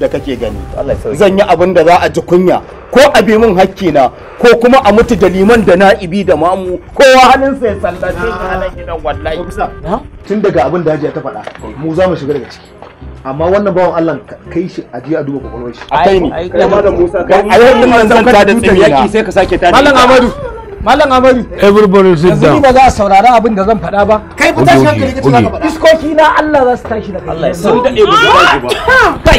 da kake gani zan yi abin da za a ji kunya ko a bi min na. ko kuma a mutu da liman da na'ibi da mamu kowa halin sai sallace ta halin gidan wallahi tun daga abin da hajiya ta faɗa mu za mu shiga daga ciki amma wannan bawan Allah kai shi aje a duba kwakwalwar shi a kai ni kai da Musa kai a yau din zan ta da yaki sai ka sake ta malam Amadu Malam Amadu. Everybody sit down. Yanzu ba za a saurari abin da zan faɗa ba. Kai fita shi hankali ka ci ka faɗa. Iskoki na Allah za su tashi da kai. Allah ya sauke da ego da ba. Kai.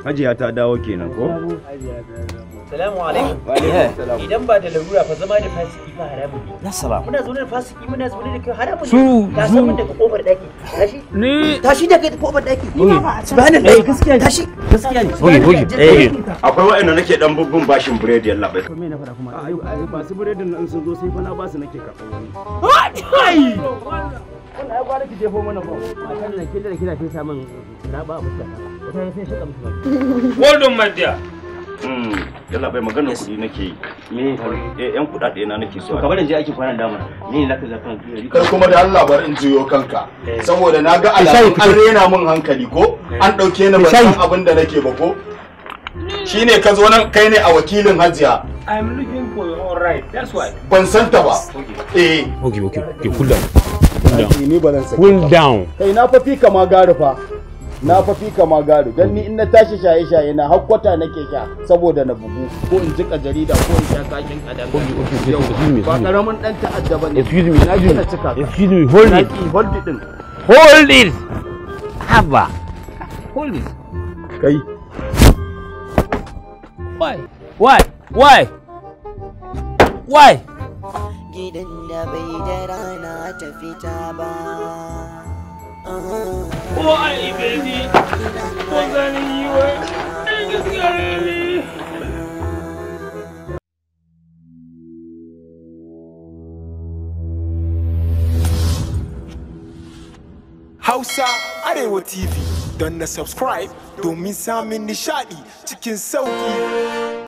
Hajiya ta dawo kenan ko? Assalamu alaikum. Wa alaikum assalam. Eh, idan ba da larura fa zama da fasiki fa haramu ne. Na salam. Muna zaune da fasiki muna zaune da kai haramu ne. Su ka san mun daga kofar daki. Tashi. Ni tashi daga kofar daki. Ni ba a san. Bani dai gaskiya ne. Tashi. Gaskiya ne. Hoye hoye. Eh. eh. Akwai wa'annan nake dan bugun bashin bread yalla bai. Ko me na fara kuma? Ai ba su biredin nan sun zo sai fa na ba su nake kafa. Ai. jefo mana bom matan nan kila kila sai samun raba ta sai shiga musu hmm, yalla bai magana nake yi me eh, kuɗaɗe na nake so ka je dama ni kar kuma da Allah bar in jiyo kanka eh. saboda na ga alamun an rena min hankali ko eh. an ɗauke ni ban san abin da nake ba ko shine ka zo nan kai ne a wakilin hajiya I'm looking for your right that's why ban santa ba eh okay okay Pull down Hey, na fafi kama gari fa na fafi kama gari dan ni in na tashi shaye shaye na hakkwata nake sha saboda na bugu ko in jika jarida ko in sha kakin kadan ba karamin dan ta addaba ne. excuse me na ji excuse me hold it hold it hold it haba hold it kai why why why why da bai da rana ta fita ba ko a ko zanen Hausa Arewa TV don na subscribe domin samun nishaɗi cikin sauƙi.